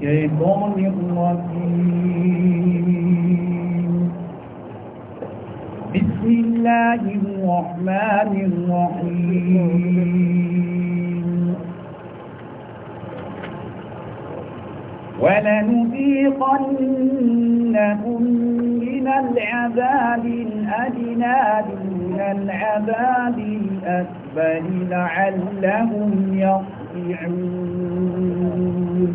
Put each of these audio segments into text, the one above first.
شيطان الرجيم بسم الله الرحمن الرحيم ولنذيقنهم من العذاب الأدنى دون العذاب الأكبر لعلهم يرجعون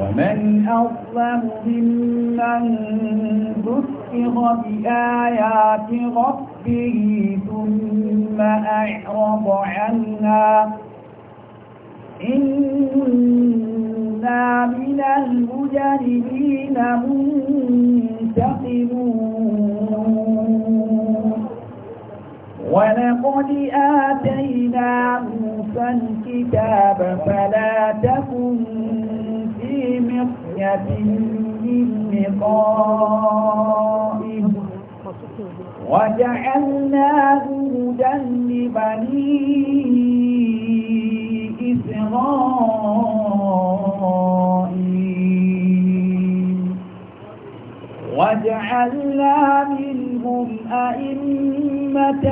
ومن أظلم ممن ذكر بآيات ربه ثم أعرض عنا إنا من المجرمين منتقمون ولقد آتينا موسى الكتاب فلا تكن في مرية من لقائه وجعلناه هدى لبني إسرائيل وجعلنا منهم أئمة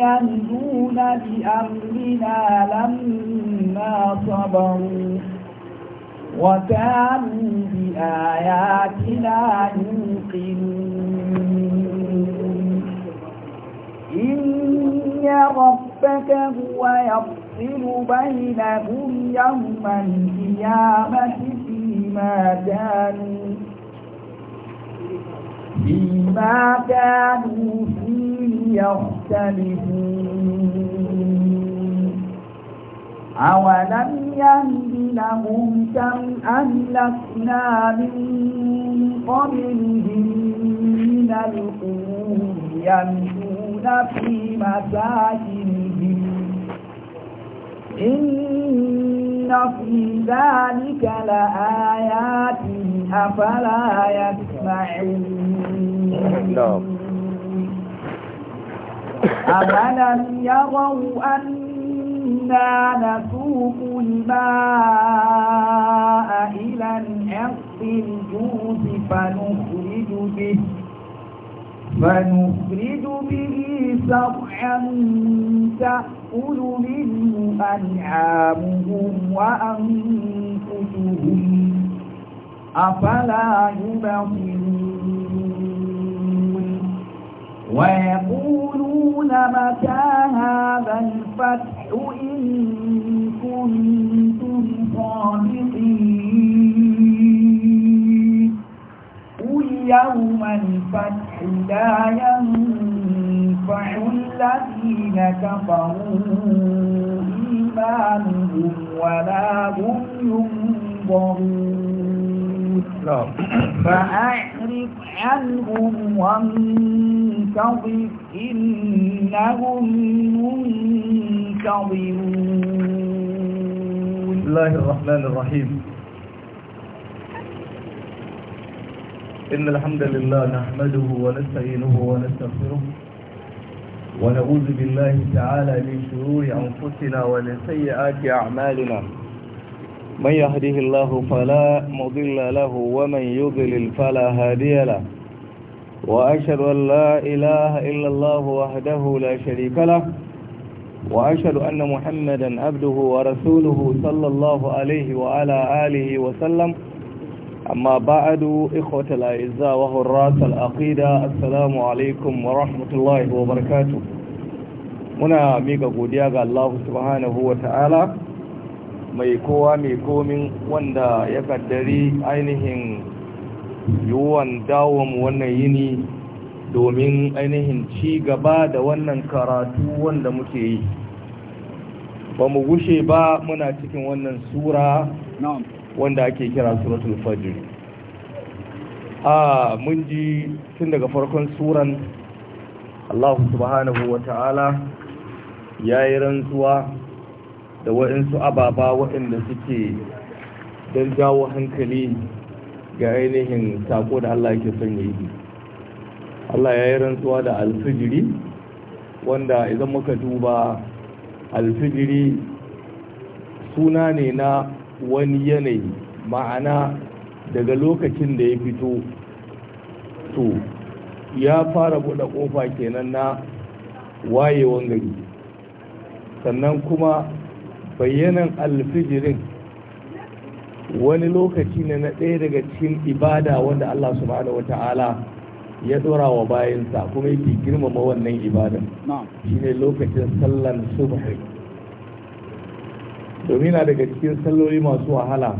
يهدون بأمرنا لما صبروا وكانوا بآياتنا يوقنون إن ربك هو يفصل بينهم يوم القيامة فيما كانوا فيما كانوا فيه يختلفون أولم يهد لهم كم أهلكنا من قبلهم من القرون يمشون في مساكنهم إن في ذلك لآيات أفلا يسمعون نعم. أولم يروا أن إنا نسوق الماء إلى الأرض الجوز فنخرج به فنخرج به زرعا تأكل منه أنعامهم وأنفسهم أفلا يبصرون ويقول يقولون متى هذا الفتح إن كنتم صادقين قل يوم الفتح لا ينفع الذين كفروا إيمانهم ولا هم ينظرون نعم فأعرف عنهم وانتظر إنهم منتظرون بسم الله الرحمن الرحيم إن الحمد لله نحمده ونستعينه ونستغفره ونعوذ بالله تعالى من شرور أنفسنا ومن سيئات أعمالنا من يهده الله فلا مضل له ومن يضلل فلا هادي له وأشهد أن لا إله إلا الله وحده لا شريك له وأشهد أن محمدا عبده ورسوله صلى الله عليه وعلى آله وسلم أما بعد إخوة الأعزاء وهراس العقيدة السلام عليكم ورحمة الله وبركاته muna miƙa godiya ga Allah subhanahu wa ta'ala mai kowa mai komin wanda ya kaddari ainihin yiwuwan dawon wannan yini domin ainihin ci gaba da wannan karatu wanda muke yi ba mu gushe ba muna cikin wannan sura wanda ake kira suratul fajr a mun ji tun daga farkon suran Allah subhanahu wa ta'ala ya yi rantsuwa da waɗansu ababa waɗanda suke don jawo hankali ga ainihin sako da Allah yake son yi Allah ya yi rantsuwa da alfijiri wanda idan muka duba alfijiri suna ne na wani yanayi ma'ana daga lokacin da ya fito to ya fara buɗe ƙofa kenan na wayewan gari sannan kuma bayyanan alfijirin wani lokaci ne na ɗaya daga cikin ibada wanda Allah subhanahu wata'ala ya ɗora wa bayansa kuma yake girmama wannan ibadan shine lokacin sallan subhi domin na daga cikin salloli masu wahala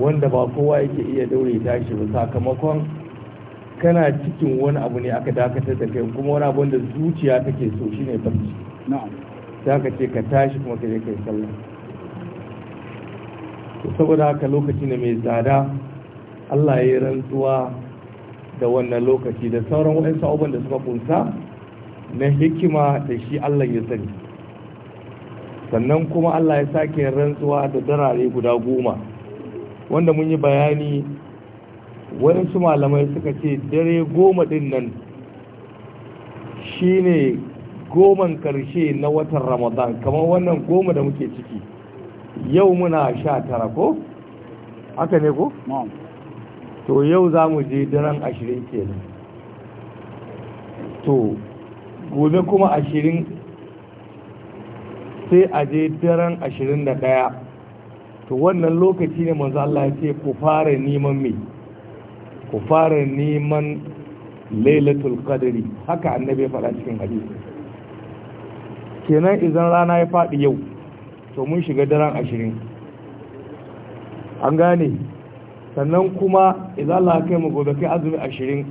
wanda ba kowa yake iya daure tashi ba sakamakon kana cikin wani abu ne aka dakatar da kai kuma wani abu wanda zuciya take so shine barci na'am sai aka ce ka tashi kuma kai kai sallah saboda haka lokaci ne mai tsada Allah ya yi rantsuwa da wannan lokaci da sauran waɗansu abubuwan da suka kunsa na hikima da shi Allah ya sani sannan kuma Allah ya sake rantsuwa da darare guda goma wanda mun yi bayani waɗansu malamai suka ce dare goma ɗin nan shi ne goman karshe na watan ramadan kamar wannan goma da muke ciki yau muna sha tara ko? haka ne ko? to yau za mu je daren ashirin ke nan, to gobe kuma ashirin sai a je daren ashirin da daya to wannan lokaci ne manzo Allah ya ce ku fara neman me ku fara neman lailatul qadri haka annabi ya faɗa cikin hadisi kenan idan rana ya faɗi yau to mun shiga daren ashirin an gane sannan kuma idan Allah kai mu gobe kai azumi ashirin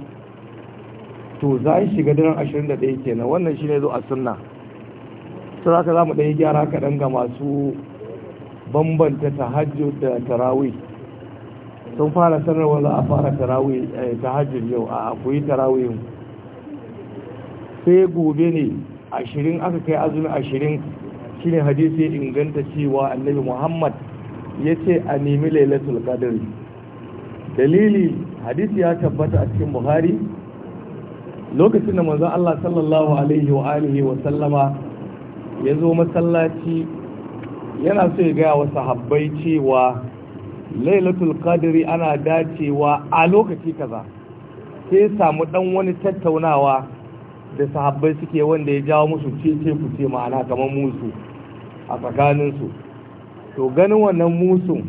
to za a shiga daren ashirin da ɗaya kenan wannan shi ne zo a sunna za ka za mu ɗaya gyara kaɗan ga masu bambanta tahajjud da tarawih sun fara sanarwa za a fara tarawih eh, tahajjud yau a koyi tarawihin sai gobe ne ashirin aka kai azumi ashirin shine hadisi ya inganta cewa annabi muhammad ya ce a nemi lailatul qadr dalili hadisi ya tabbata a cikin buhari lokacin da manzan allah sallallahu alaihi wa alihi wa sallama ya zo masallaci yana so ya gaya wa sahabbai cewa lailatul qadri ana dacewa a lokaci kaza sai samu dan wani tattaunawa da sahabbai suke wanda ya jawo musu cece ku ce ma'ana kamar musu a tsakaninsu to ganin wannan Musu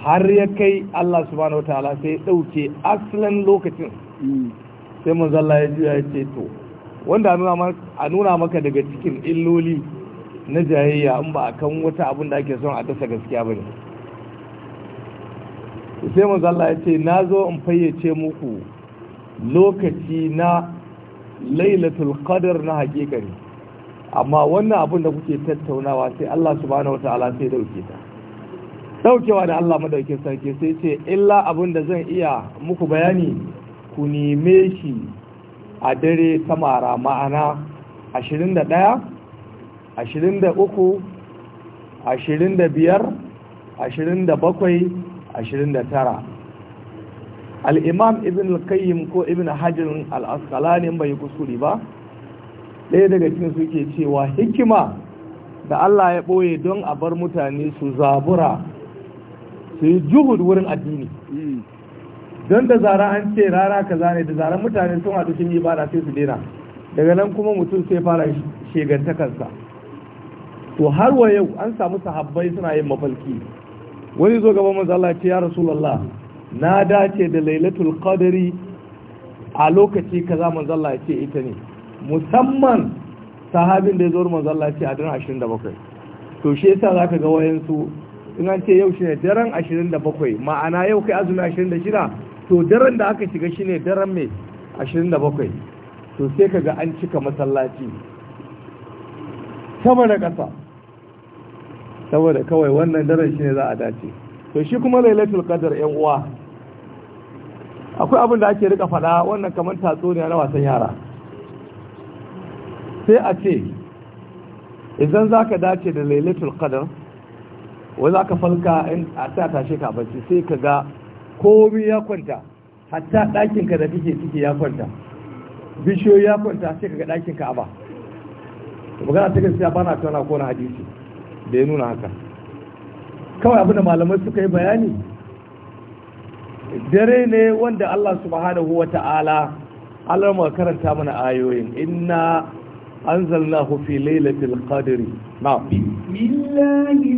har ya kai Allah subhanahu wataala sai ya dauke asalin lokacin sai manzalla ya ji ya ce to wanda a nuna maka daga cikin illoli na jayayya in ba a kan wata abin da ake son a dasa gaskiya ba ne sai manzalla ya ce na zo in fayyace muku lokaci na lailatul qadar na hakika amma wannan abin da kuke tattaunawa sai Allah subhanahu wataala sai dauke ta daukewa da Allah madaukakin sarki sai ce illa abin da zan iya muku bayani ku neme shi a dare ta mara ma'ana 21 23 25 29 al'imam ibn al-qayyim ko ibn hajjirin ne bai kuskure ba ɗaya daga cikin suke cewa hikima da Allah ya ɓoye don a bar mutane su zabura su yi juhud wurin addini hmm. don da zara an ce rara ka zane da zara mutane sun haɗu sun yi bada sai su daina daga nan kuma mutum sai fara shegantakarsa to har wa yau an samu sahabbai suna yin mafalki wani zo gaban manzo Allah ya ce ya rasulullah na dace da lailatul qadari a lokaci kaza manzo Allah ya ce ita ne musamman sahabin da ya zo manzo Allah ya ce a daren 27 to shi yasa zaka ga wayansu in an ce yau shine daren 27 ma'ana yau kai azumi 26 to daren da aka shiga shine daren me 27 to sai kaga an cika masallaci sama da ƙasa saboda kawai wannan daren shine za a dace to shi kuma lailatul qadar yan uwa akwai abin da ake rika faɗa wannan kamar tatsuniya na wasan yara sai a ce idan za ka dace da lailatul qadar wai za ka falka a sa tashe ka bacci sai ka ga komi ya kwanta hatta ɗakinka da kike ciki ya kwanta bishiyoyi ya kwanta sai ka ga ɗakinka a ba magana ta gaskiya ba na ko na hadisi da ya nuna haka kawai abin da malamai suka yi bayani dare ne wanda Allah subhanahu wa ta'ala Allah ma karanta mana ayoyin inna anzalnahu fi lailatul qadri na'am bismillahir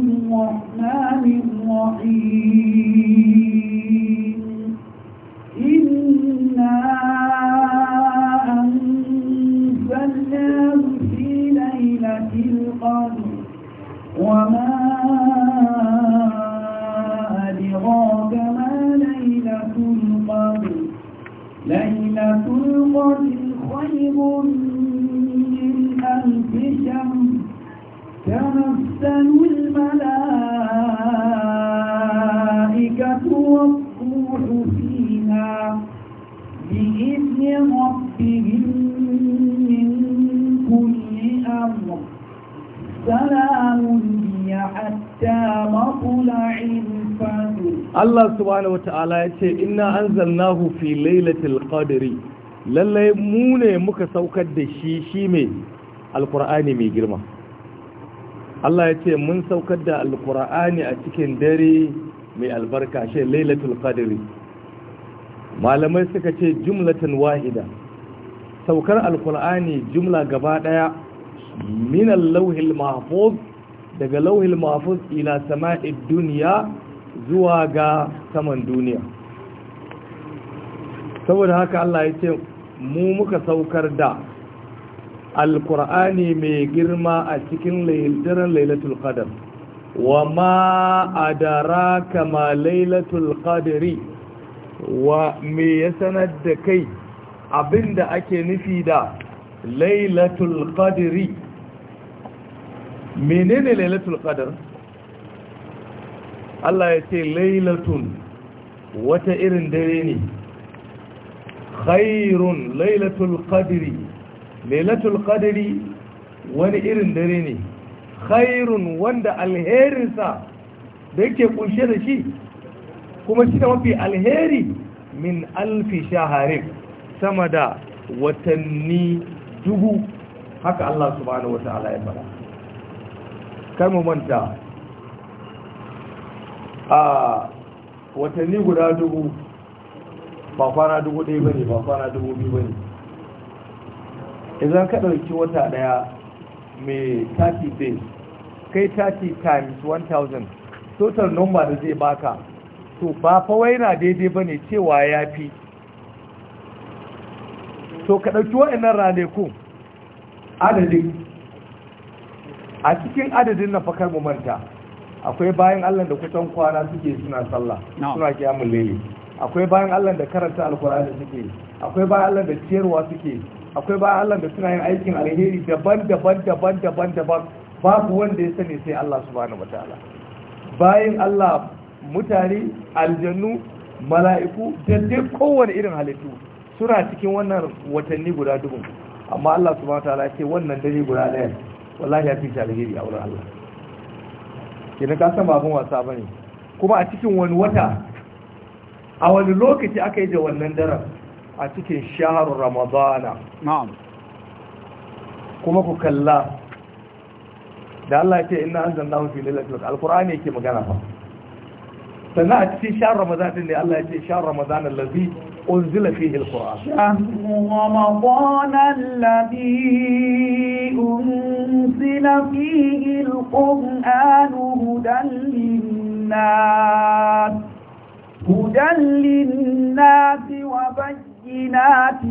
Allah subhanahu wata'ala ya ce inna anzalnahu fi lailatul qadri lalle mu ne muka saukar da shi shi mai alqur'ani mai girma Allah ya ce mun saukar da alqur'ani a cikin dare mai albarka shi lailatul qadri malamai suka ce jumlatan wahida saukar alqur'ani jumla gaba daya min al-lawhil mahfuz daga lawhil mahfuz ila sama'id dunya zuwa ga saman duniya saboda haka Allah ya ce mu muka saukar da alkur'ani mai girma a cikin lailatul lailatul qadar wa ma adaraka ma lailatul qadri wa me ya sanar da kai abinda ake nufi da lailatul qadri menene lailatul qadr Allah ya ce lailatun wata irin dare ne khairun lailatul qadri lailatul qadri wani irin dare ne khairun wanda alherinsa da yake kunshe da shi kuma shi da mafi alheri min alfi shaharin sama da watanni dubu haka Allah subhanahu wa ta'ala ya fara kar mu manta a watanni guda dubu ba kwana dubu ɗaya ba ne ba kwana dubu biyu ba ne idan ka ɗauki wata ɗaya mai 30 days kai 30 times 1000 total number da zai baka to ba fawai na daidai ba ne cewa ya fi to ka ɗauki waɗannan ranakun adadin a cikin adadin na fakar manta akwai bayan Allah da kusan kwana suke suna sallah suna kiyamun laili akwai bayan Allah da karanta alkur'ani suke akwai bayan Allah da ciyarwa suke akwai bayan Allah da suna yin aikin alheri daban-daban daban-daban daban babu wanda ya sani sai Allah subhanahu wataala bayan Allah mutane aljannu mala'iku da dai kowane irin halittu suna cikin wannan watanni guda dubu amma Allah subhanahu wataala ya ce wannan dare guda ɗaya wallahi ya fi alheri a wurin Allah kenan ka san babun wasa bane kuma a cikin wani wata a wani lokaci aka yi da wannan daren a cikin shaharun ramadana kuma ku kalla da Allah ce inna anzalnahu fi lailatul ne ke magana fa sannan a cikin shaharun ramadana ne Allah ya ce shaharun ramadana allazi أنزل فيه القرآن رمضان الذي أنزل فيه القرآن هدى للناس هدى للناس وبينات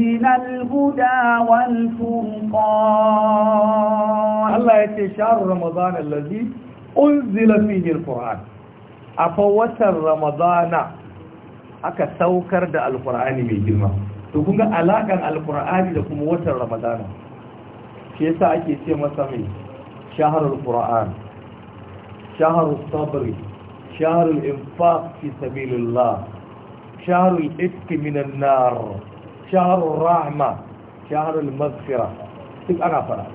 من الهدى والفرقان الله يتشار رمضان الذي أنزل فيه القرآن أفوت رمضان aka saukar da alkur'ani mai girma to kun ga alakan alkur'ani da kuma watan ramadana shi yasa ake ce masa mai shaharul qur'an shaharul sabri shaharul infaq fi sabilillah shaharul itqi minan nar shaharul rahma shaharul maghfira duk ana fara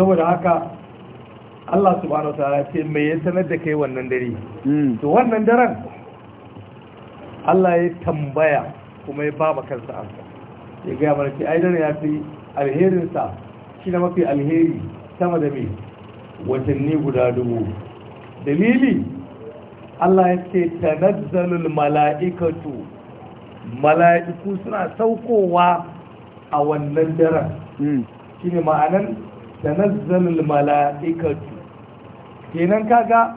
saboda haka Allah subhanahu wa ta'ala ce mai ya sanar da kai wannan dare hmm. to wannan daren Allah ya tambaya kuma ya ba kansa amsa ya gaya mana ce aidan ya fi alherinsa shi na mafi alheri sama da mai watanni guda dubu dalili Allah ya ce tanazzalul mala'ikatu mala'iku suna saukowa a wannan daren hmm. shi ne ma'anan tanazzalul mala'ikatu kenan kaga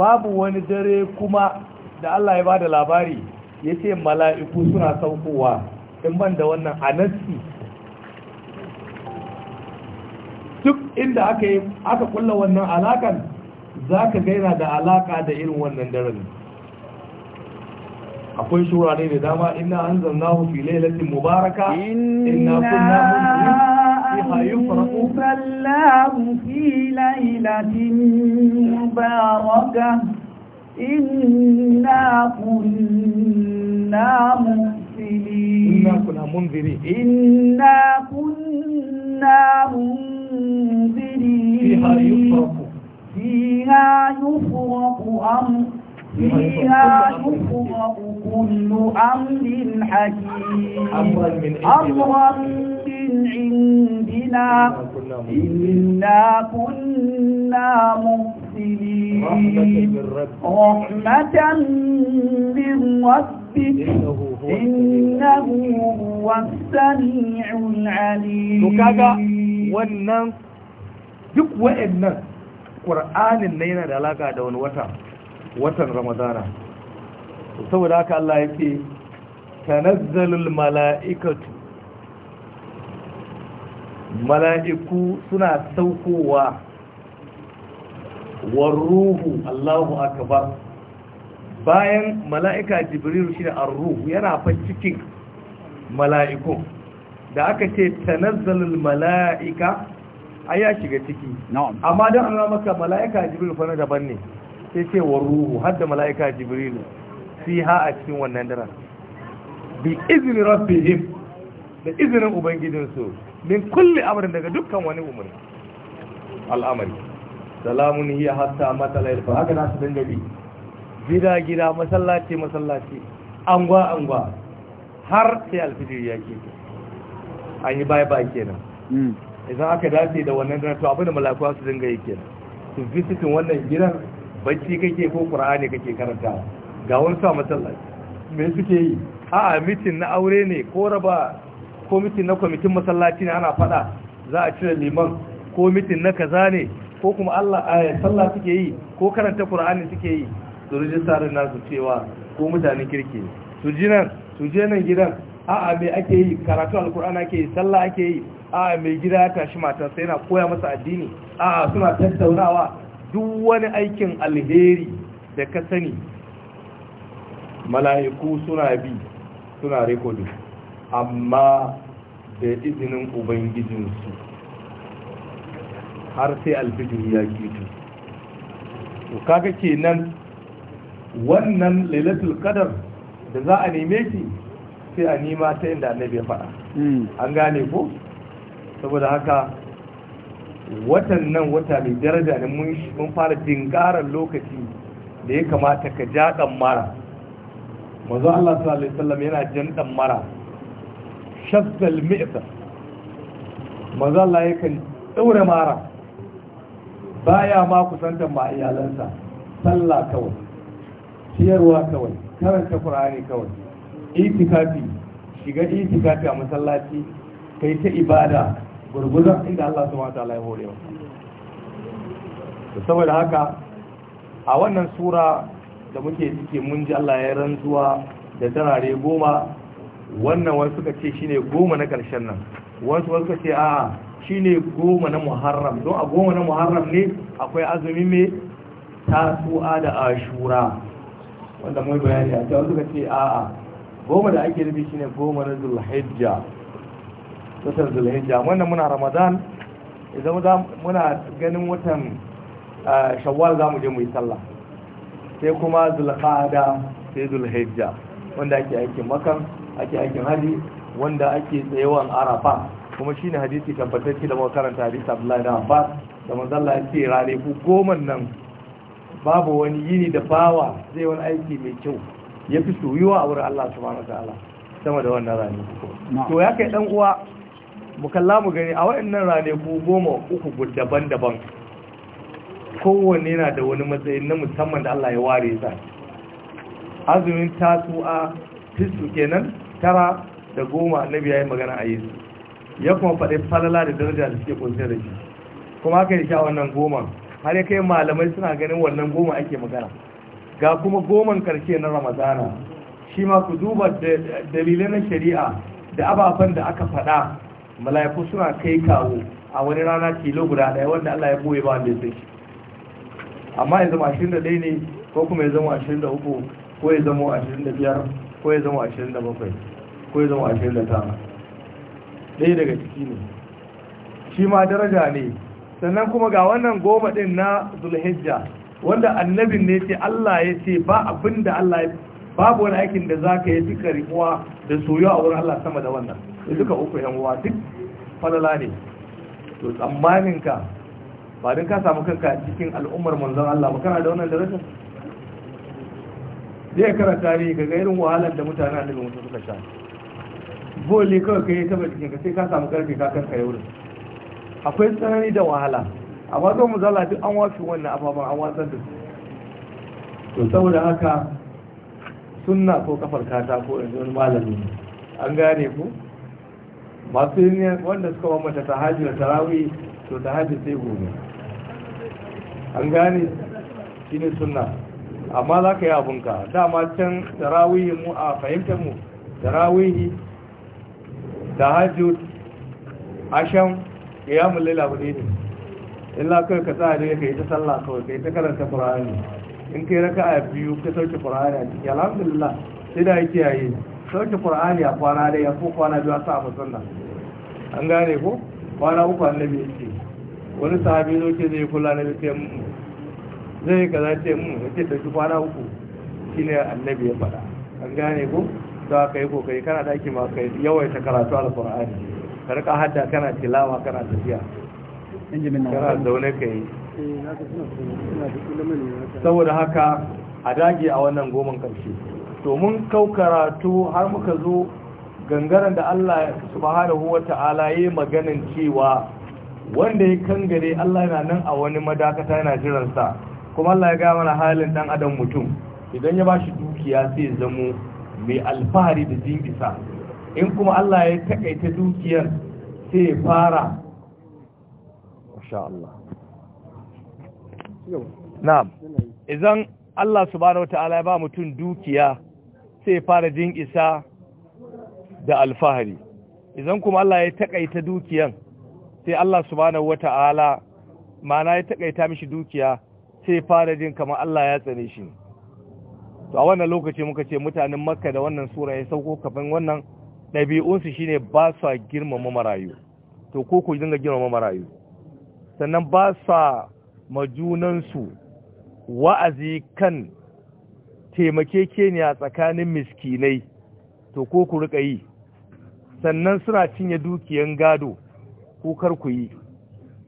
babu wani dare kuma da Allah ya ba da labari ya ce mala'iku suna saukowa in ban da wannan anassi duk inda aka yi aka kulla wannan alakan za ka gaina da alaka da irin wannan daren akwai shurare da dama ina an zanna hufi lailatin mubaraka ina kunna mun fi la'ilatin inna kunna munziri inna na munziri fiha yufraku fiha yufraku amsa فيها يفرق كل أمر حكيم أمرا من عندنا إنا كنا مرسلين رحمة من ربك إنه هو السميع العليم wannan duk wa'annan ƙur'anin na yana da alaƙa da wani wata watan ramadana saboda haka Allah ya ce tanazzalul mala'ikatu mala'iku suna saukowa warruhu Allahu akbar bayan mala'ika jibril shi da arruhu yana fa cikin mala'iku da aka ce tanazzalul mala'ika aya ya shiga ciki amma don an maka mala'ika jibril fa na daban ne sai ce wa ruhu har da mala'ika jibrilu ha a cikin wannan dara. bi izinin rafihim da izinin ubangijinsu min kulle amurin daga dukkan wani umar, al'amari salamun hiya hatta matsalayar fa haka nasu don gabi gida gida masallaci masallaci angwa angwa har sai alfijir ya ke an yi bai bai kenan hmm. idan aka dace da wannan dara, to abin da malakuwa su dinga yi kenan su visitin wannan gidan bacci kake ko qur'ani kake karanta ga wasu matsalar me suke yi a mitin na aure ne ko raba ko mitin na kwamitin masallaci ne ana fada za a cire liman ko mitin na kaza ne ko kuma Allah a sallah suke yi ko karanta qur'ani suke yi su rijistarin nasu cewa ko mutanen kirki su ji su je nan gidan a me ake yi karatu alqur'ani ake yi sallah ake yi a'a mai gida ya tashi matan sai yana koya masa addini a'a suna tattaunawa duk wani aikin alheri da ka sani mala'iku suna bi suna rikodin amma da izinin ubangijinsu har sai alfijin ya gidi to kaga kenan wannan lailatul qadar da za a neme shi sai a nima ta inda annabi ya faɗa hmm. an gane ko saboda haka watan nan wata mai daraja ne mun fara dingaran lokaci da ya kamata ka ja dan mara manzo Allah sallallahu alaihi wasallam yana jan dan mara shaddal mi'ta manzo Allah yakan daura mara baya ma kusantar ma iyalansa sallah kawai ciyarwa kawai karanta qur'ani kawai itikafi shiga itikafi a masallaci kai ta ibada gurgurdan inda Allah su wataala ya hore wa saboda haka a wannan sura da muke cike mun ji Allah ya rantsuwa da tarare goma wannan wasu suka ce shine goma na karshen nan wasu wasu suka ce a shine goma na Muharram don a goma na Muharram ne akwai azumi mai tasu'a da ashura wanda mai bayani a cewa suka ce a'a goma da ake nufi shine goma na Zulhijja watan zulhijja wannan muna ramadan idan muna ganin watan shawwal za mu je mu yi sallah sai kuma zulqa'ada sai zulhijja wanda ake aikin makan ake aikin haji wanda ake tsayawan arafa kuma shine hadisi tabbatacce da makaranta hadisi abdullahi da abbas da manzalla yake rane ku goma nan babu wani yini da bawa zai wani aiki mai kyau ya fi soyuwa a wurin allah subhanahu wataala sama da wannan rani to ya kai dan uwa mu kalla mu gani a waɗannan ranaku goma uku daban-daban kowanne yana da wani matsayi na musamman da Allah ya ware sa azumin tasu'a fisu kenan tara da goma annabi ya yi magana a yesu ya kuma faɗi falala da daraja da suke ƙunshe da shi kuma aka yi sha wannan goma har ya kai malamai suna ganin wannan goma ake magana ga kuma goman karshe na ramadana shi ma ku duba dalilai na shari'a da ababen da aka faɗa mala'iku suna kai kawo a wani rana kilo guda daya wanda Allah ya boye ba wanda ya sai amma ya zama 21 ne ko kuma ya zama 23 ko ya zama 25 ko ya zama 27 ko ya zama 29 ɗaya daga ciki ne shi ma daraja ne sannan kuma ga wannan goma ɗin na zulhijja wanda annabin ne ce Allah ya ce ba abin da Allah babu wani aikin da za ka yi fi karikuwa da soyuwa a wurin Allah sama da wannan da duka uku yan uwa duk falala ne to tsammanin ka ba din ka samu kanka cikin al'ummar manzan Allah ba kana da wannan daraja zai karanta ne ga irin wahalar da mutane a daga mutum suka sha boli kawai ka yi taba jikin ka sai ka samu karfe ka kanka yau akwai tsanani da wahala a mu muzala duk an wafi wannan ababen an wasan da su to saboda haka sunna ko kafar kata ko yanzu wani malami an gane ku masu yin wanda suka mata ta hajji da tarawi to ta hajji sai gobe an gane shi ne suna amma za ka yi abinka dama can tarawi mu a fahimtar mu tarawihi ta hajji ashen ya yi mulila abu ne in kai ka tsaya ne ka yi ta sallah kawai ka yi ta karanta ƙura'ani in kai raka a biyu ka sauke ƙura'ani a ciki alhamdulillah sai da ya kiyaye sauki ƙur'ani a kwana da yanku ko kwana biyu a sa abu sunna an gane ko kwana uku annabi yake, wani sahabi zo ke zai kula na ce mu zai kaza ce mu ya ce tafi kwana uku shine annabi ya faɗa an gane ko za ka yi kokari kana daki ma kai yawaita karatu alqur'ani ka rika hadda kana tilawa kana tafiya kana zaune ka yi saboda haka a dage a wannan goman karshe to mun kau karatu har muka zo gangaren da Allah subhanahu wa ta'ala yi maganin cewa wanda ya kangare Allah yana nan a wani madakata yana jiransa kuma Allah ya gaya mana halin dan adam mutum idan ya bashi dukiya sai zamo mai alfahari da jingisa in kuma Allah ya takaita dukiyar sai ya fara masha Allah na'am idan Allah subhanahu wa ta'ala ya ba mutum dukiya sai fara jin isa da alfahari idan kuma Allah ya takaita dukiyan sai Allah subhanahu wata'ala mana ya takaita mishi dukiya sai fara jin kamar Allah ya tsane shi to a wannan lokaci muka ce mutanen makka da wannan sura ya sauko kafin wannan ɗabi'unsu shine ba sa girmama marayu to ko ku dinga girmama marayu sannan ba sa majunansu wa'azi kan taimakekeniya tsakanin miskinai to ko ku rika yi sannan suna cinye dukiyan gado ko kar ku yi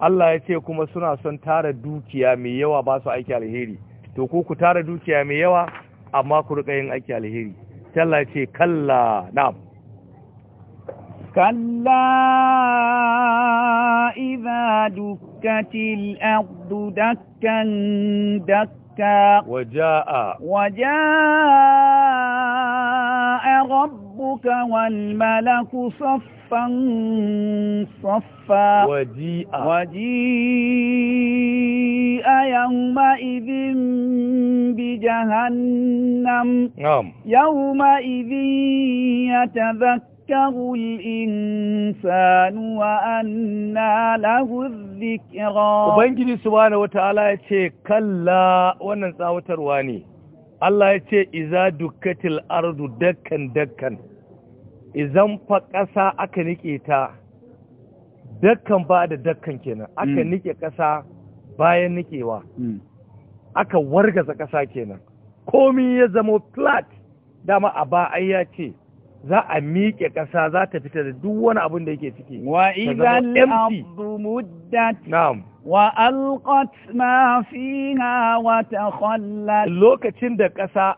Allah ya ce kuma suna son tara dukiya mai yawa ba su aiki alheri to ko ku tara dukiya mai yawa amma ku rika yin aiki alheri Allah ya ce kalla na'am kalla idza dukkatil ardu dakkan dakkan مكة وجاء وجاء ربك والملك صفا صفا وجيء وجيء يومئذ بجهنم نعم يومئذ يتذكر يذكر الإنسان وأنا له الذكرى وبنجي سبحانه وتعالى يتي كلا وننسى وترواني الله يتي إذا دكت الأرض دكا دكا إذا مفقسا أكنك إتا دكا بعد دكا كنا أكنك كسا bayan nikewa aka wargaza ƙasa kenan komi ya zamo flat dama a ba ai ya ce za a miƙe ƙasa za ta fita da duk wani abin da yake ciki wa idan ardu muddat na'am wa alqat ma fiha wa takhallat lokacin da ƙasa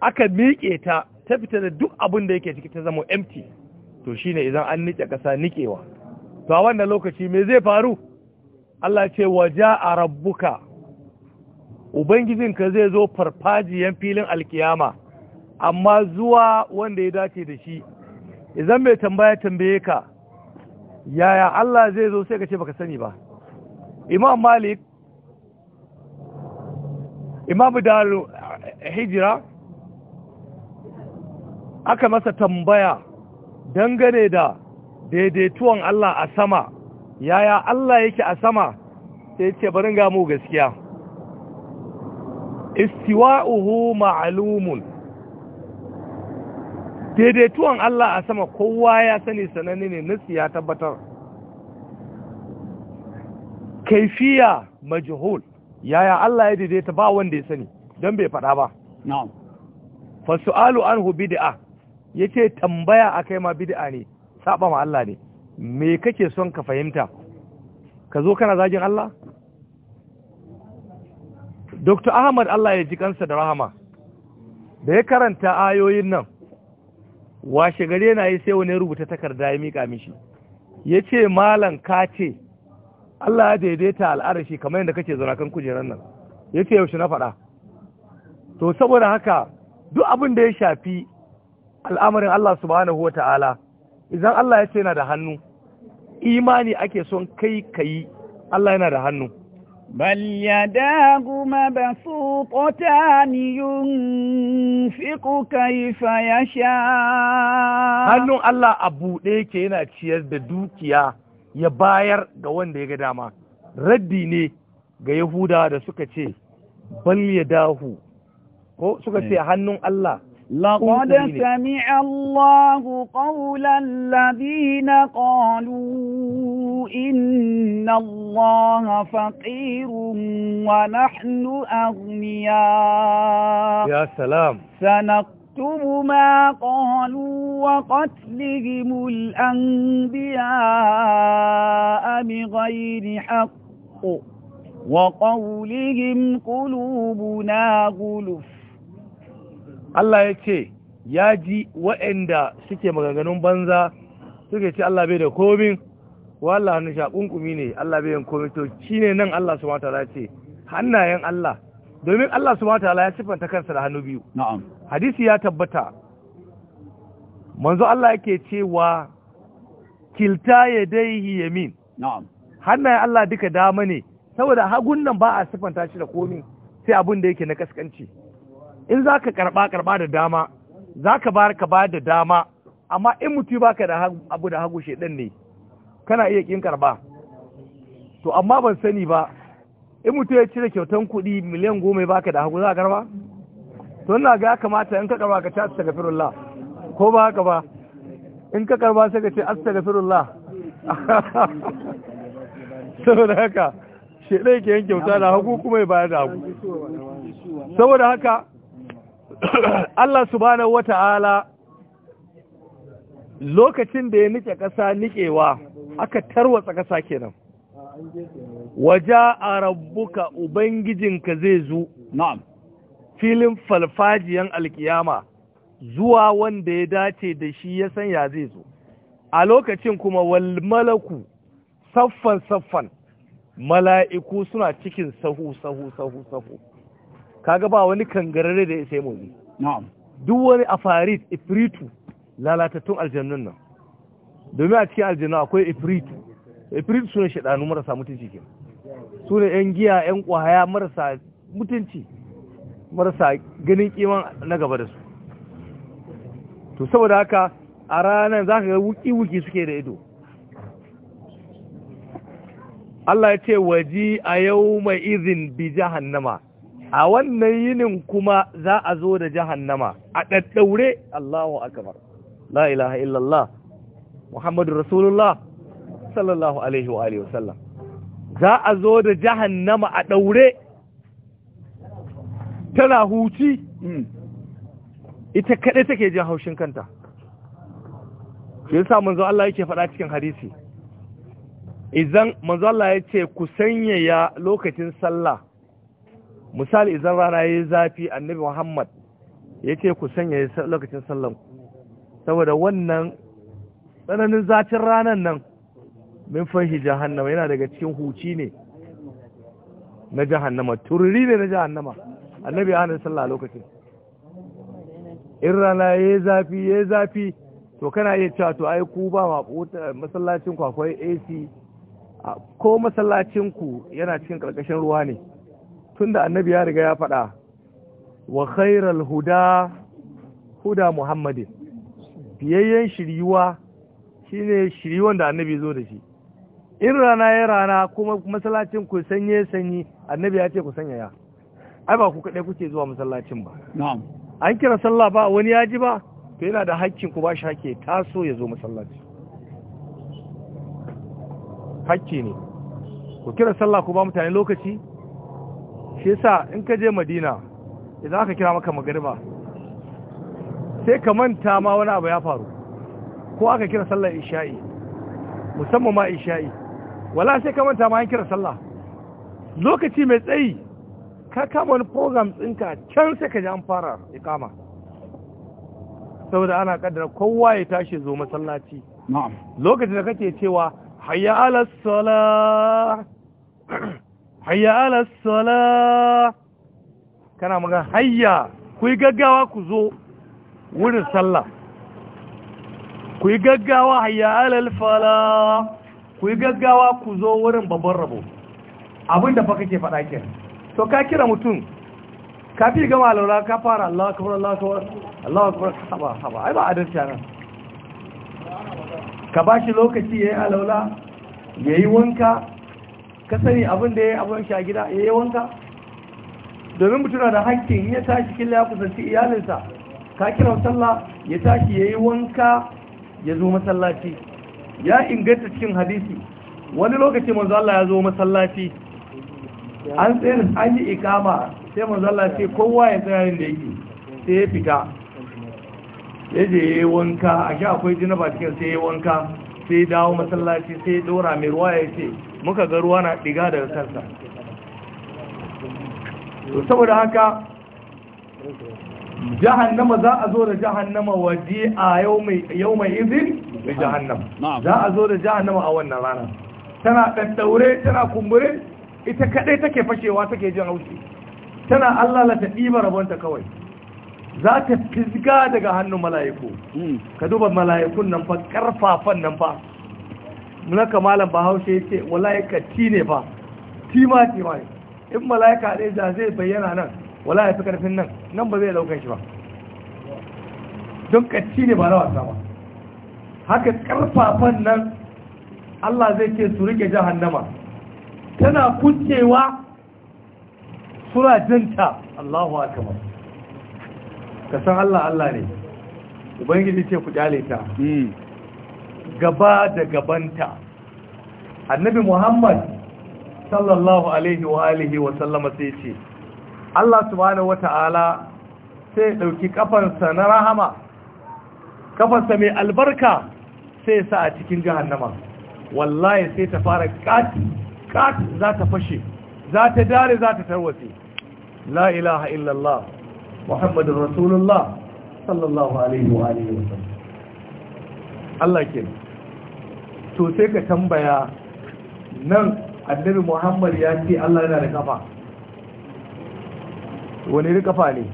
aka miƙe ta ta fita da duk abin da yake ciki ta zama empty to shine idan an niƙe ƙasa niƙewa to a wannan lokaci me zai faru Allah ce wa ja'a rabbuka ubangijinka zai zo farfajiyan filin alkiyama amma zuwa wanda ya dace da shi idan mai tambaya tambaye ka yaya Allah zai zo sai ka ce baka sani ba imam malik imam dar hijira aka masa tambaya dangane da daidaituwan Allah a sama yaya Allah yake a sama sai ce ga mu gaskiya istiwa'uhu ma'alumun. daidaituwan Allah a sama kowa ya sani sananne ne nasi ya tabbatar kaifiya majhul yaya Allah ya daidaita ba wanda ya sani don bai faɗa ba na'am fa su'alu anhu bid'a yace tambaya akai ma bid'a ne saba ma Allah ne me kake son ka fahimta ka zo kana zagin Allah Dr. Ahmad Allah ya ji kansa da rahama da ya karanta ayoyin nan washe gare yana yi sai wani rubuta takarda ya mika mishi ya ce malam ka ce Allah ya daidaita al'arashi kamar yadda kake zauna kan kujerar nan ya ce yaushe na faɗa to saboda haka duk abin da ya shafi al'amarin Allah subhanahu wa ta'ala idan Allah ya ce yana da hannu imani ake son kai kayi Allah yana da hannu بل يداه مبسوطتان ينفق كيف يشاء hannun Allah a buɗe yake yana ciyar da dukiya ya bayar ga wanda ya ga dama raddi ne ga Yahudawa da suka ce bal yadahu ko suka ce eh. hannun Allah لقد سمع الله قول الذين قالوا إن الله فقير ونحن أغنياء يا سلام سنكتب ما قالوا وقتلهم الأنبياء بغير حق وقولهم قلوبنا غلف Allah ya ce ya ji waɗanda suke maganganun banza suke ce Allah bai da komin wallahi hannun shaƙunƙumi ne Allah bai yin komin to shi ne nan Allah su mata ya ce hannayen Allah domin Allah su mata ya siffanta kansa da hannu biyu hadisi ya tabbata manzo Allah yake cewa kilta ya daihi yamin hannayen Allah duka dama ne saboda hagun nan ba a siffanta shi da komin sai abin da yake na kaskanci in za ka karɓa karɓa da dama za ka bayar ka bayar da dama amma in mutu ba ka da abu da hagu shaidan ne kana iya kin karɓa to amma ban sani ba in mutu ya cire kyautan kuɗi miliyan goma ba ka da hagu za ka karɓa to ina ga ya kamata in ka karɓa ka ci astaghfirullah ko ba haka ba in ka karɓa sai ka ce astaghfirullah saboda haka shaidan ke yin kyauta da hagu kuma ya bayar da hagu saboda haka Allah subhanahu wata'ala lokacin da ya nike ƙasa nikewa aka tarwatsa ƙasa kenan waje a rabbuka ubangijinka zai zu na'am filin falfajiyan alkiyama zuwa wanda ya dace da shi ya sanya zai zo a lokacin kuma wal malaku saffan saffan mala'iku suna cikin sahu sahu sahu sahu kaga ba wani kangarare da ya sai motsi duk wani a afarit ifritu lalatattun aljannun nan domin a cikin aljannu akwai ifritu ifritu su ne shaɗanu marasa mutunci ke su yan giya yan ƙwaya marasa mutunci marasa ganin kiman na gaba da su to saboda haka a ranar za ka ga wuki-wuki suke da ido Allah ya ce waji a yau mai izin bi jahannama a wannan yinin kuma za a zo da jahannama a ɗaɗɗaure Allahu akbar la ilaha illallah Muhammadu Rasulullah sallallahu alaihi wa alihi wasallam za a zo da jahannama a ɗaure tana huci hmm. ita kaɗai take jin haushin kanta shi yasa manzo Allah yake faɗa cikin hadisi idan manzo Allah ya ce ku sanyaya lokacin sallah misali idan rana ya yi zafi annabi muhammad ya ce ku sanya lokacin sallan saboda wannan tsananin zafin ranar nan min fashi jahannama yana daga cikin huci ne na jahannama tururi ne na jahannama annabi ana sallah lokacin in rana ya yi zafi ya yi zafi to kana iya cewa to ai ku ba masallacin ku akwai ac ko masallacin ku yana cikin karkashin ruwa ne da annabi ya riga ya faɗa wa khairal huda huda muhammadin biyayyen shiryuwa shine shiryuwan da annabi zo da shi in rana ya rana kuma masallacin ku sanye sanyi annabi ya ce ku sanya ya ai ba ku kaɗai kuke zuwa masallacin ba na'am an kira sallah ba wani ya ji ba to yana da hakkin ku ba shi ta taso ya zo masallaci hakki ne ku kira sallah ku ba mutane lokaci shi yasa in ka je madina idan aka kira maka magariba sai ka manta ma wani abu ya faru ko aka kira sallar isha'i musamman ma isha'i wala sai ka manta ma an kira sallah lokaci mai tsayi ka kama wani program tsinka can sai ka ji an fara ikama saboda ana kaddara kowa ya tashi zo masallaci lokacin da kake cewa hayya ala salah hayya ala sala kana maga hayya ku yi gaggawa ku zo wurin sallah ku yi gaggawa hayya ala fala ku yi gaggawa ku zo wurin babban rabo abinda fa kake faɗa ke to ka kira mutum ka fi gama laura ka fara Allah akbar Allah akbar Allah akbar haba haba ai ba adalci nan ka bashi lokaci yayi alaula yayi wanka ka sani abin da ya abin sha a gida ya yi wanka domin mutuna da hankin, ya tashi kila ya kusanci iyalinsa ka kira sallah ya tashi ya yi wanka ya zo masallaci ya inganta cikin hadisi wani lokaci manzo Allah ya zo masallaci an an yi ikama sai manzo Allah sai kowa ya tsaya da yake sai ya fita ya je ya yi wanka a sha akwai jinaba cikin sai ya yi wanka sai ya dawo masallaci sai ya dora mai ruwa ya ce muka ga ruwa na diga daga kansa to saboda haka jahannama za a zo da jahannama waje a yau mai izin da jahannama za a zo da jahannama a wannan rana tana ɗanɗaure tana kumbure ita kaɗai take fashewa take jin haushi tana allala ta ɗiba rabonta kawai za ta fizga daga hannun mala'iku hmm. ka duba mala'ikun nan fa ƙarfafan nan fa munaka malam bahaushe ce wallahi ka ti ne ba ti ma ti ma in malaika ɗaya da zai bayyana nan wallahi fi karfin nan nan ba zai daukan shi ba don ka ne ba na wasa ba haka karfafan nan Allah zai ce su rike jahannama tana kuncewa suna jinta Allahu akbar ka san Allah Allah ne ubangiji ce ku kyale ta hmm. gaba da gabanta annabi muhammad sallallahu alaihi wa alihi wa sallama sai ce Allah subhanahu wa ta'ala sai ɗauki ƙafarsa na rahama ƙafarsa mai albarka sai sa a cikin jahannama wallahi sai ta fara kat kat za ta fashe za ta dare za ta tarwace la ilaha illallah muhammadin rasulullah sallallahu alaihi wa alihi wa sallam Allah ke to sai ka tambaya nan annabi Muhammad ya ce Allah yana da kafa wani da kafa ne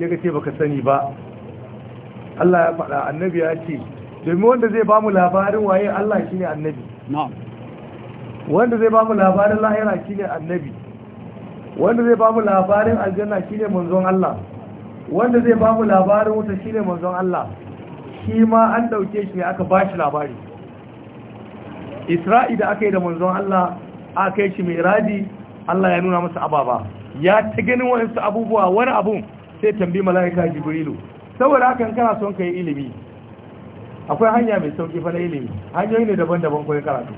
sai ka ce baka sani ba Allah ya faɗa annabi ya ce domin wanda zai ba mu labarin waye Allah shine annabi wanda zai ba mu labarin lahira shine annabi wanda zai ba mu labarin aljanna shine manzon Allah wanda zai ba mu labarin wuta shine manzon Allah shi ma an ɗauke shi ne aka ba shi labari isra'i da aka yi da manzon Allah aka yi shi mai radi Allah ya nuna masa ababa ya ta ganin waɗansu abubuwa wani abun sai tambi mala'ika jibrilu saboda hakan kana son ka yi ilimi akwai hanya mai sauki fa na ilimi hanyoyi ne daban-daban koyi karatu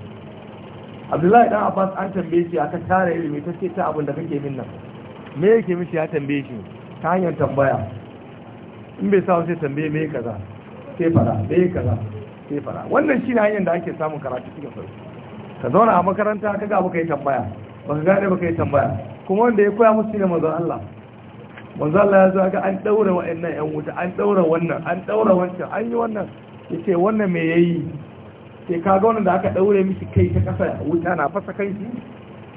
abdullahi dan abbas an tambaye shi aka tara ilimi ta ce ta abin da kake min nan me yake mishi ya tambaye shi ta hanyar tambaya in bai sa sai tambaye me kaza sai fara sai kaza sai fara wannan shi ne hanyar da ake samun karatu cikin sauki ka zauna a makaranta ka ga baka yi tambaya baka gane baka yi tambaya kuma wanda ya koya musu shi ne manzon Allah manzon Allah ya zo an daura wa'annan yan wuta an daura wannan an daura wancan an yi wannan yace wannan me yayi sai ka ga wannan da aka daure miki kai ta kasa wuta na fasa shi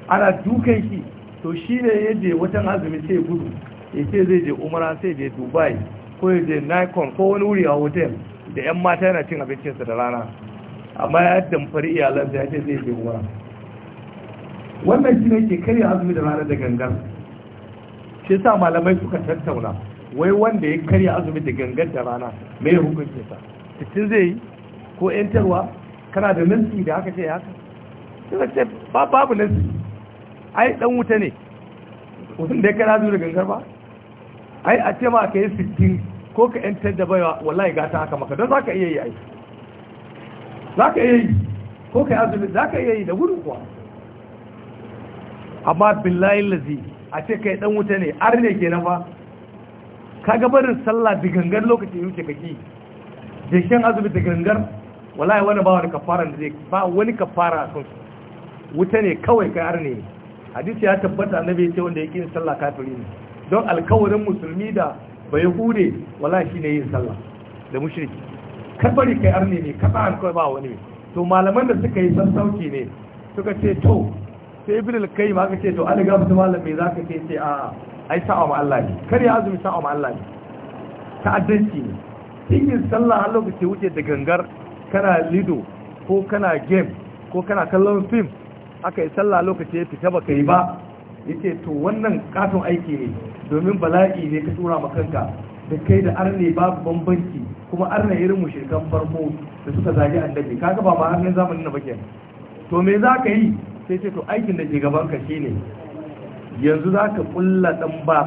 ana dukan shi to shine yaje watan azumi sai gudu yace zai je umara sai je Dubai ko ya je Nikon ko wani wuri a hotel da 'yan mata yana cin abincinsa da rana amma ya damfari iyalansa ya ce zai je wannan shi ne ke karya azumi da rana da gangar shi sa malamai suka tattauna wai wanda ya karya azumi da gangar da rana mai hukunci sa Cikin zai yi ko yantarwa kana da nasi da haka ce haka suka ce babu nasi ai dan wuta ne wanda ya kare azumi da gangar ba ai a ce ma ka yi sittin ko ka yantar da baiwa wallahi gata haka maka don za ka iya yi aiki. za ka iya yi ko ka yi azumi za ka iya yi da wurin kuwa amma billahi lazi a ce ka yi dan wuta ne ari ne kenan fa ka ga barin sallah da gangar lokaci yake kake jikin azumi da gangar wallahi wani ba wani kafara da zai ba wani kafara a kansu wuta ne kawai ka ari ne hadisi ya tabbata na bai ce wanda ya yin sallah kafiri ne don alkawarin musulmi da ba hude wala shi ne yin sallah da mushriki kabari kai arne ne kaba an kai ba wani ne to malaman da suka yi sassauci ne suka ce to sai ibn al-kai ma ka ce to an ga mutu malam me zaka ce sai a ai sa'a ma Allah ne kar ya azumi sa'a ma Allah ne ta'addanci ne yin sallah a lokacin wuce da gangar kana lido ko kana game ko kana kallon film aka yi sallah lokacin ya fita baka yi ba yace to wannan katon aiki ne domin bala'i ne ka tura ma kanka da kai da arne babu bambanci kuma arne irin mushrikan farko da suka zagi annabi kaga ba ma arne zamanin na bakin to me za ka yi sai ce to aikin da ke gaban ka ne yanzu za ka kulla dan ba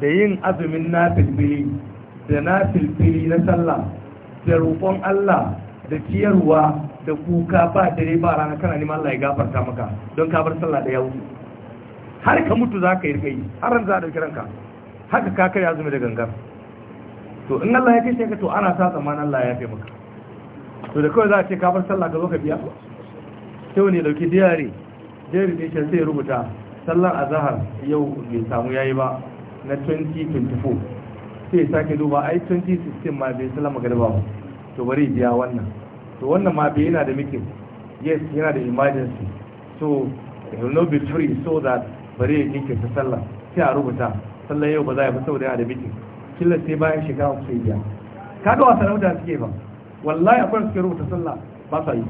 da yin azumin na nafilfili da na nafilfili na sallah da roƙon Allah da ciyarwa da kuka ba dare ba rana kana neman Allah ya gafarta maka don ka bar sallah da ya wuce har ka mutu za ka yi kai har ran za a ɗauki ranka haka ka kai azumi da gangan to in Allah ya kashe ka to ana sa tsammanin Allah ya fi maka to da kawai za a ce ka bar sallah ka zo ka biya sai wani ɗauki diyari diyari ne shi sai rubuta sallar azahar yau bai samu yayi ba na 2024 sai sake duba ai 2016 ma bai sallar magariba ba to bari biya wannan to wannan ma bai yana da mikin yes yana da emergency so you know be free so that bari ya kinke ta sallah sai a rubuta sallan yau ba za a yi ba saboda ya da mitin killa sai bayan shiga uku sai biya ka wasa na mutane suke ba wallahi akwai suke rubuta sallah ba su yi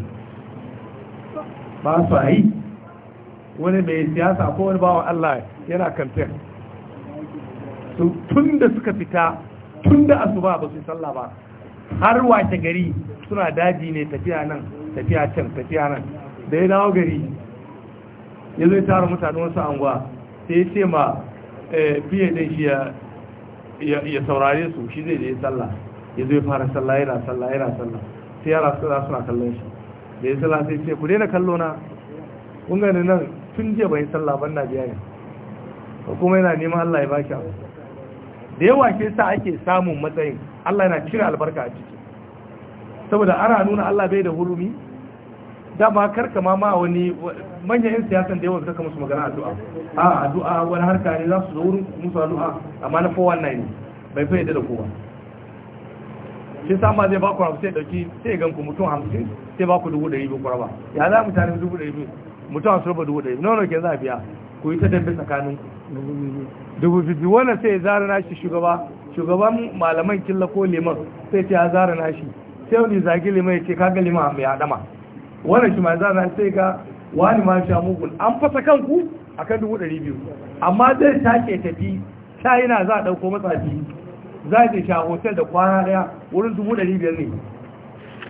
ba su yi wani mai siyasa ko wani bawa Allah yana kantin su tun da suka fita tun da asuba ba su yi sallah ba har wace gari suna daji ne tafiya nan tafiya can tafiya nan da ya dawo gari ya zo tara mutane wasu anguwa sai ya ce ma fiye eh, da shi ya saurare su shi zai je sallah ya zo ya fara sallah yana sallah yana sallah sai yara su za suna kallon shi da ya sallah sai ce ku daina kallo na kun da nan tun jiya bai sallah ban na biya ya kuma yana neman Allah ya baki abu da yawa ke sa ake samun matsayin Allah yana cire albarka a ciki saboda ana nuna Allah bai da hurumi dama karka ma ma wani manyan yan siyasan da yawan kaka musu magana addu'a a addu'a wani harka ne za su zo wurin musu addu'a amma na 419 bai yadda da kowa shi sama zai baku rabu sai dauki sai gan ku mutum hamsin sai baku 200 ku raba ya za mutane 200 mutum dubu ɗari? 200 nono ke za a biya ku yi ta dambe tsakanin Dubu biyu wannan sai ya zara nashi shugaba shugaban malaman killa ko liman sai ta ya zara nashi sai wani zagi liman ya ce kaga liman mai adama wannan shi ma za na sai ga wani ma sha mugun an fasa kanku a kan dubu ɗari biyu amma zai take tafi china za a ɗauko matsafi za a sha hotel da kwana ɗaya wurin dubu ɗari biyar ne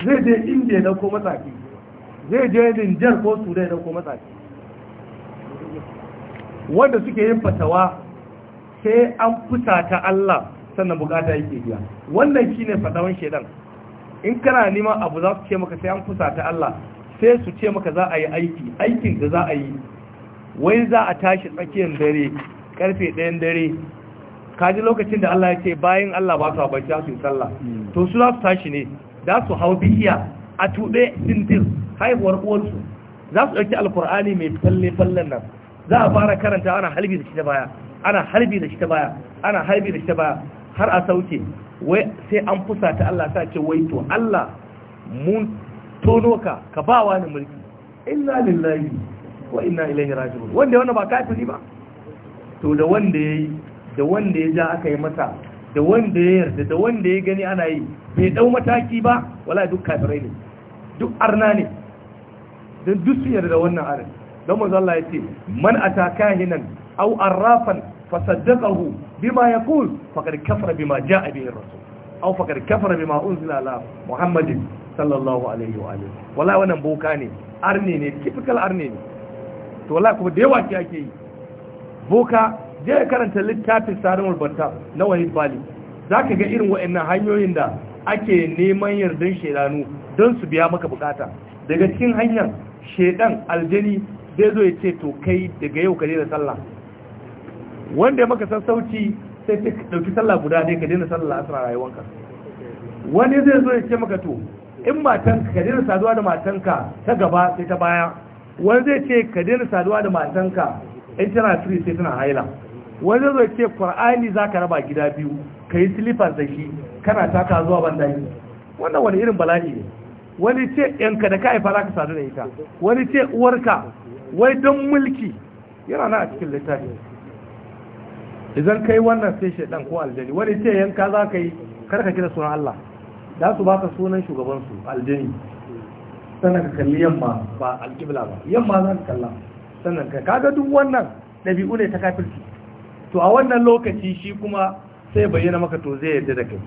zai je ya ɗauko matsafi zai je nijar ko sudan ɗauko matsafi wanda suke yin fatawa sai an fusa ta Allah sannan bukata yake biya wannan shine fatawan shedan in kana neman abu za su ce maka sai an fusa ta Allah sai su ce maka za a yi aiki aikin da za a yi wai za a tashi tsakiyar dare karfe ɗayan dare kaji lokacin da Allah ya ce bayan Allah ba su abarci su yi sallah hmm. to su za su tashi ne za su hau bishiya a tuɗe sintir haihuwar uwarsu za su ɗauki alkur'ani mai falle-fallen nan za a fara karanta ana halbi da shi ta baya ana harbi da shi ta baya ana halbi da shi ta baya har a sauke wai sai an fusa ta Allah sa ce wai to Allah mun tono ka ka ba wani mulki inna lillahi wa inna ilaihi raji'un wanda wannan ba kafiri ba to da wanda yayi da wanda ya ja aka yi mata da wanda ya yarda da wanda ya gani ana yi bai dau mataki ba wala duk kafirai ne duk arna ne don duk su yarda wannan arin don manzo Allah ya ce man ataka hinan aw arrafan fasaddaqahu bima yaqul faqad kafara bima jaa bihi ar-rasul aw faqad kafara bima unzila ala muhammadin sallallahu alaihi wa alihi wala wannan boka ne arne ne typical arne ne to wala kuma da yawa ke ake yi boka je ya karanta littafin sarimul banta na wahid bali zaka ga irin wa'annan hanyoyin da ake neman yardan shedanu don su biya maka bukata daga cikin hanyar shedan aljani zai zo ya ce to kai daga yau ka daina sallah wanda ya maka sassauci sai ka dauki sallah guda ne ka daina sallah asra rayuwanka wani zai zo ya ce maka to in matan ka daina saduwa da matanka ta gaba sai ta baya wani zai ce ka daina saduwa da matanka in tana tiri sai tana haila wani zai zo ce qur'ani zaka raba gida biyu kai slipper da shi kana taka zuwa bandaki wannan wani irin bala'i ne wani ce yanka da ka haifa ka sadu da ita wani ce uwarka wai don mulki yana na a cikin littafi idan kai wannan sai shedan ko aljani wani ce yanka za ka yi karka kira sunan Allah za su baka sunan shugabansu aljini sannan ka kalli yamma ba alƙibla ba yamma za ka kalla sannan ka kaga duk wannan ɗabi'u ne ta kafirci to a wannan lokaci shi kuma sai bayyana maka to zai yarda da kai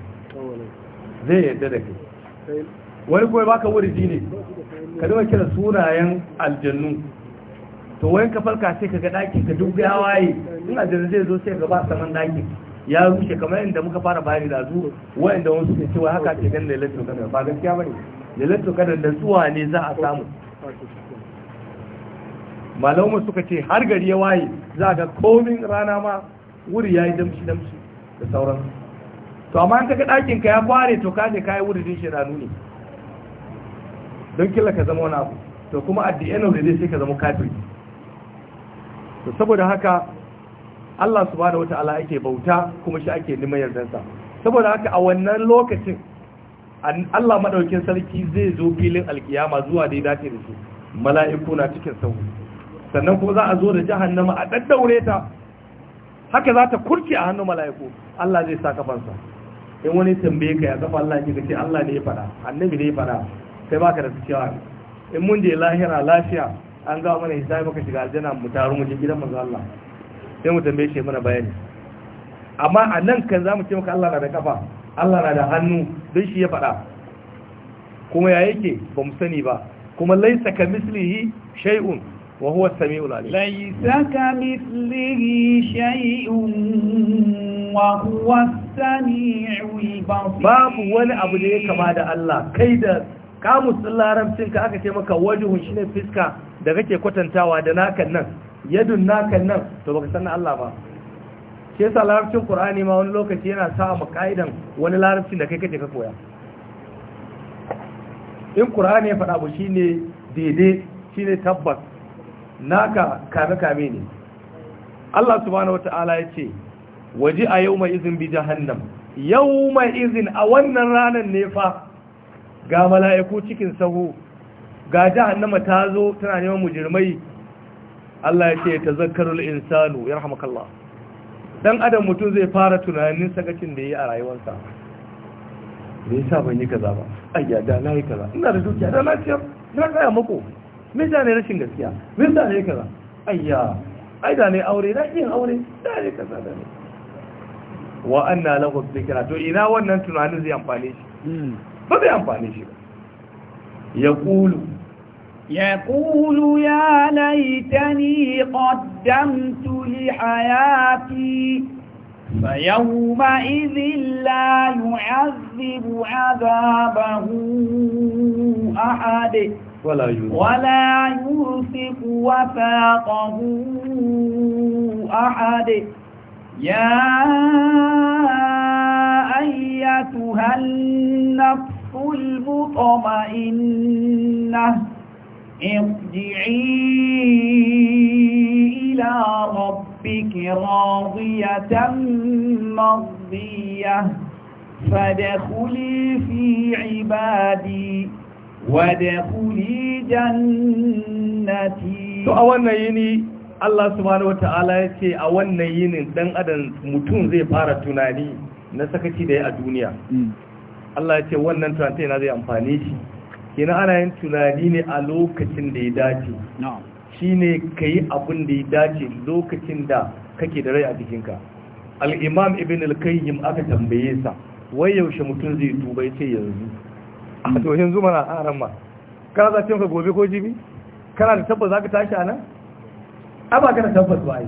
zai yarda da kai wani kuma baka wuri ne ka dinga kira sunayen aljannu to wayan ka farka sai ka ga ɗakin ka duk ya waye in aljannu zai zo sai ka ba saman ɗakin ya rushe kamar yadda muka fara bayani da zuwa wa'anda wasu ke cewa haka ke da lalatun kadar ba gaskiya bane lalatun kadar da zuwa ne za a samu malamu suka ce har gari ya waye za ga komin rana ma wuri ya yi damshi damshi da sauran to amma an kaga dakin ka ya kware to kaje yi wuri dinshi na ne don killa ka zama wani abu to kuma at the end of the day sai ka zama kafiri to saboda haka Allah subhanahu wata'ala ake bauta kuma shi ake neman yardansa saboda haka a wannan lokacin Allah madaukin sarki zai zo filin alkiyama zuwa da ya dace da su mala'iku na cikin sau sannan kuma za a zo da jahannama a daddaure ta haka za ta kurce a hannun mala'iku Allah zai sa kafansa in wani tambaye ka ya kafa Allah ki kace Allah ne ya fada annabi ne ya fada kai baka da cewa in mun je lahira lafiya an ga mana hisabi baka shiga aljanna mu taru mu je gidan manzo Allah sai mu tambaye shi mana bayani amma a nan kan za mu ce maka Allah na da kafa Allah na da hannu don shi ya faɗa kuma ya yake ba mu sani ba kuma laisa ka mislihi shay'un wa huwa samiul 'alim laisa ka mislihi shay'un wa huwa samiul basir babu wani abu da ya kama da Allah kai da kamus larabcin ka aka ce maka wajhun shine fiska da kake kwatantawa da nakan nan yadun naka nan to baka san Allah ba shi yasa larabcin Qur'ani ma wani lokaci yana sa mu kaidan wani larabcin da kai kake ka koya in Qur'ani ya faɗa bu shine daidai shine tabbas naka kame kame ne Allah subhanahu wataala ya ce waji a yau mai izin bi jahannam yau mai izin a wannan ranar ne fa ga mala'iku cikin sahu ga jahannama ta zo tana neman mujirmai Allah ya ce ta zakarul insanu ya rahamakallah dan adam mutum zai fara tunanin sakacin da ya yi a rayuwarsa me yasa ban yi kaza ba ayya da na yi kaza ina da dukiya da na ciyar, na kaya mako Min yasa ne rashin gaskiya Min yasa ne kaza ayya ai da ne aure da yin aure da ne kaza da ne wa anna lahu dhikra to ina wannan tunanin zai amfane shi hmm. ba zai amfane shi ba yaqulu يقول يا ليتني قدمت لحياتي فيومئذ لا يعذب عذابه أحد ولا يوثق, ولا يوثق وفاقه أحد يا أيتها النفس المطمئنة ارجعي إلى ربك راضية مرضية فادخلي في عبادي وادخلي جنتي to a wannan yini Allah subhanahu wataala yace a wannan yinin dan adam mutum zai fara tunani na sakaci da ya a duniya mm. Allah ce wannan tunani na zai amfani shi kenan ana yin tunani ne a lokacin da ya dace Shi ne ka yi abin da ya dace lokacin da kake da rai a jikinka al’imam ibn al kayyim aka tambaye sa wai yaushe mutum zai tuba ce yanzu a to zuma na aran ma kana za ka gobe ko jibi kana da tabbas ka tashi anan a ba ka da tabbas ba ai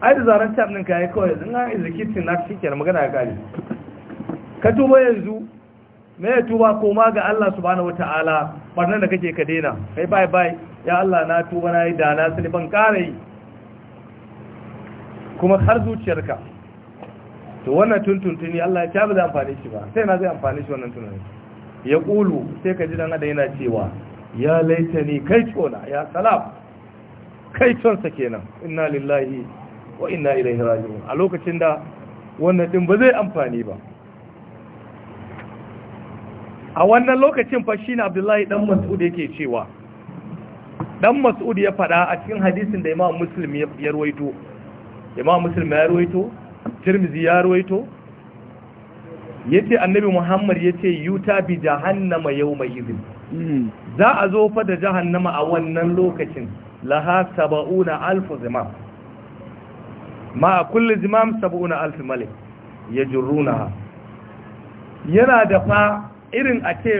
ai da zaren tab ka yi kawai zan na executive na shi kenan magana ga gari ka tuba yanzu me ya tuba koma ga Allah subhanahu ta’ala barnan da kake ka daina kai bye bye ya Allah na tuba na yi da na sani ban kare yi kuma har zuciyarka to wannan tuntuntuni Allah ya tabi zai amfani shi ba sai na zai amfani shi wannan tunanin. ya kulu sai ka ji dan adam yana cewa ya laitani kai tsona ya salam kai tsonsa kenan inna lillahi wa inna ilaihi raji'un a lokacin da wannan din ba zai amfani ba a wannan lokacin fa ne Abdullahi dan Mas'ud yake cewa dan Mas'ud ya faɗa a cikin hadisin da Imam Muslim ya ruwaito Imam Muslim ya ruwaito tirmizi ya ruwaito yace Annabi Muhammad yace yuta bi jahannama yawma idhin hmm. za a zo fa da jahannama a wannan lokacin laha saba'una alfu zimam ma a kulli zimam saba'una alfu malik yajrunaha yana da fa irin a ce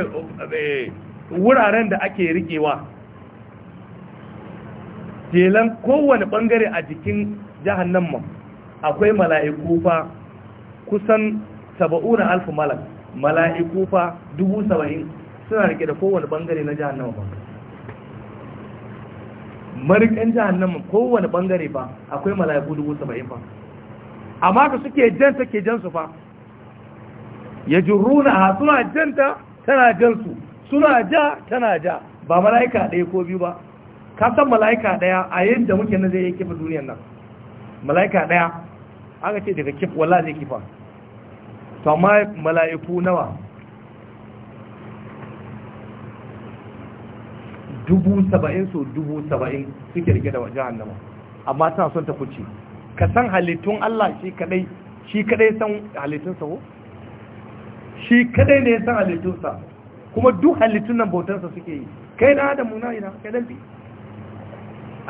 eh, wuraren da ake rikewa jelan kowane bangare a jikin jahannamma akwai mala'iku fa kusan saba'una alfu malak mala'iku fa dubu saba'in suna rike da kowane bangare na jahannama ba marikan jahannama kowane bangare ba akwai mala'iku dubu saba'in ba amma ka suke jan take jan su fa ya ha suna janta tana jansu suna ja tana ja ba mala'ika ɗaya ko biyu ba ka san mala'ika ɗaya a yadda muke na zai yi kifa duniyar nan mala'ika ɗaya aka ce daga kif wala zai kifa to amma mala'iku nawa dubu saba'in so dubu saba'in suke rike da wajen nama amma tana son ta kuce ka san halittun Allah shi kadai shi kadai san halittun sabo. shi kadai ne ya san halittunsa kuma duk halittun nan bautarsa suke yi kai na adamu na ina kai dalbi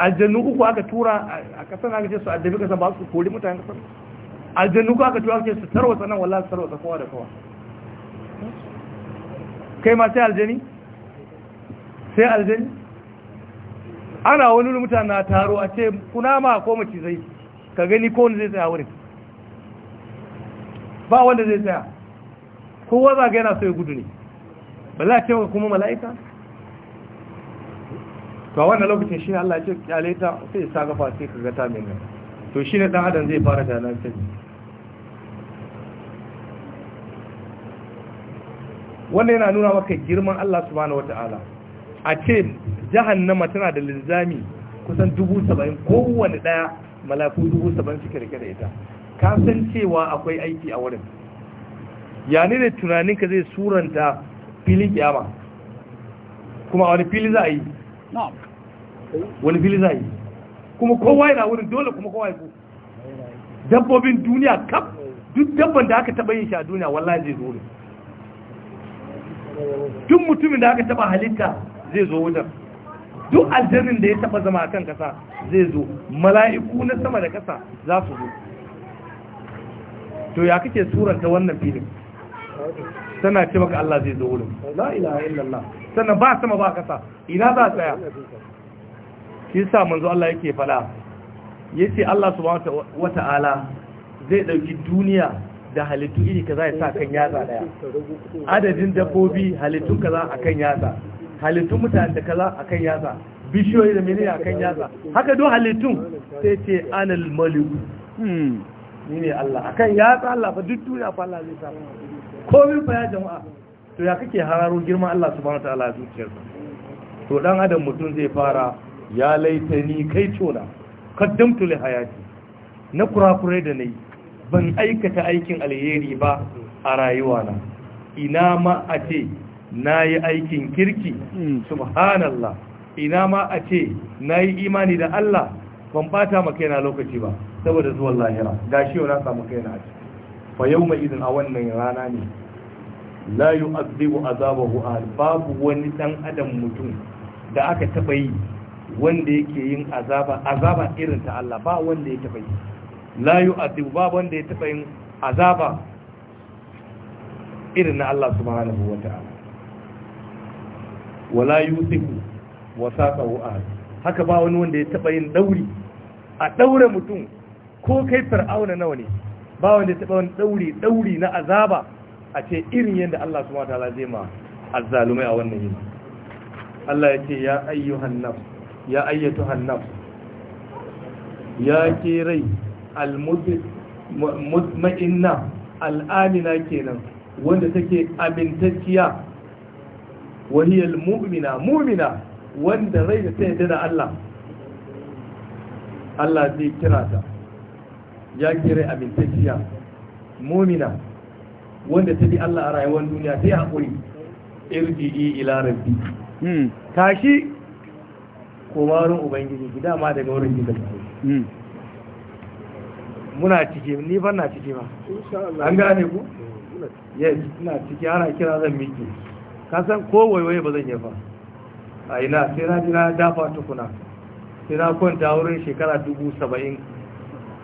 aljannu uku aka tura a kasar aka ce su addabi kasar ba su kori mutane kasar aljannu uku aka tura aka ce su tarwa nan wallahi su tarwa kowa da kowa kai ma sai aljani sai aljani ana wani mutane na taro a ce kuna ma ko zai ka gani ko wani zai tsaya wurin ba wanda zai tsaya kowa za ga yana so ya gudu ne ba za a ce kuma mala'ika to a wannan lokacin shi Allah ce kyale ta sai ya sagafa sai ka ga ta mai nan to shi ne dan adam zai fara da nan sai wannan yana nuna maka girman Allah subhanahu ta'ala a ce jahannama tana da linzami kusan dubu saba'in kowane daya mala'iku dubu saba'in suke rike da ita kasancewa akwai aiki a wurin ya ne da tunaninka zai suranta filin kyama kuma wani fili za a yi wani fili za a yi kuma kowa yana wurin dole kuma kowa ya dabbobin duniya kaf duk dabban da aka taba yin shi a duniya wallahi zai zo ne duk mutumin da aka taba halitta zai zo wajen? duk aljannin da ya taba zama a kan kasa zai zo mala'iku na sama da kasa za su zo to ya kake suranta wannan filin tana ce maka Allah zai zo wurin la ilaha illallah sannan ba sama ba kasa ina za tsaya shi sa manzo Allah yake fada yace Allah subhanahu wata'ala zai dauki duniya da halittu iri kaza ya sa kan yatsa daya adadin dabbobi halittu kaza akan yatsa halittun mutane da kaza akan yatsa bishiyoyi da menene akan yatsa haka don halittun sai ce anal malik hmm, ni ne Allah akan yatsa Allah fa duk duniya fa Allah zai sa komin fa ya jama'a to ya kake hararo girman Allah subhanahu wataala a zuciyarsa to dan adam mutum zai fara ya laitani kai tona kaddamtu li hayati na kurakurai da nayi ban aikata aikin alheri ba a rayuwana ina ma a ce nayi aikin kirki hmm. subhanallah ina ma a ce nayi imani da Allah ban bata maka yana lokaci ba saboda zuwan lahira gashi yau na samu kaina a ciki fa yawma idin a wannan rana ne la yu'adhibu azabahu ahad babu wani dan adam mutum da aka taba yi wanda yake yin azaba azaba irin ta Allah ba wanda ya taba yi la yu'adhibu babu wanda ya taba yin azaba irin na Allah subhanahu wata'ala wala yusiku wasaqahu ahad haka ba wani wanda ya taba yin dauri a daure mutum ko kai fir'auna nawa ne ba wanda ya taɓa wani ɗauri ɗauri na azaba a ce irin yadda Allah su mata zai ma azzalumai a wannan yini Allah ya ce ya ayyu nafs ya ayyatu hannaf ya ke rai al-mutma'inna al'amina kenan wanda take amintacciya wahiyar mu'mina mu'mina wanda rai da ta yadda da Allah Allah zai kira ta ya kere amintacciya mumina wanda ta bi Allah a rayuwar duniya sai haƙuri irji'i ila rabbi hmm. tashi koma wurin ubangiji gida ma daga wurin gida hmm. muna ciki ni ban na ciki ba an gane ku yes ina ciki ana kira zan miki ka san ko waiwaye ba zan yi ba a ina sai na ji na dafa tukuna sai na kwanta wurin shekara dubu saba'in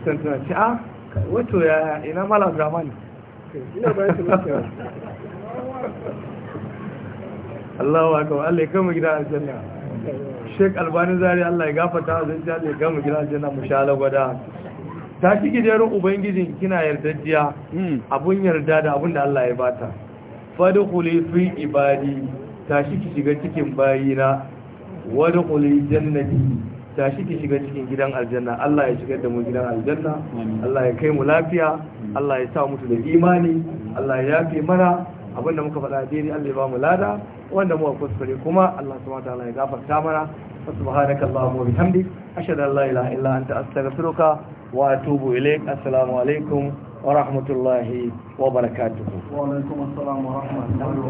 can tana ce a ah, wato ya ina mala zamani Allah wa kawo Allah ya kama gida aljanna Sheikh Albani Zari Allah ya gafata a zanci Allah ya kama gida aljanna mu sha lagwada ta ci gidarin Ubangijin kina yardajjiya hmm. abun yarda da abun da Allah ya bata fadkhuli fi ibadi ta shi ki shiga cikin bayina wadkhuli jannati tashi ki shiga cikin gidan aljanna Allah ya shigar da mu gidan aljanna Allah ya kai mu lafiya Allah ya sa mutu da imani Allah ya yafe mana abinda muka faɗa daidai Allah ya ba mu lada wanda muka kuskure kuma Allah subhanahu wa ya gafarta mana سبحانك اللهم وبحمدك أشهد أن لا إله إلا أنت أستغفرك وأتوب إليك السلام عليكم ورحمة الله وبركاته وعليكم السلام wa الله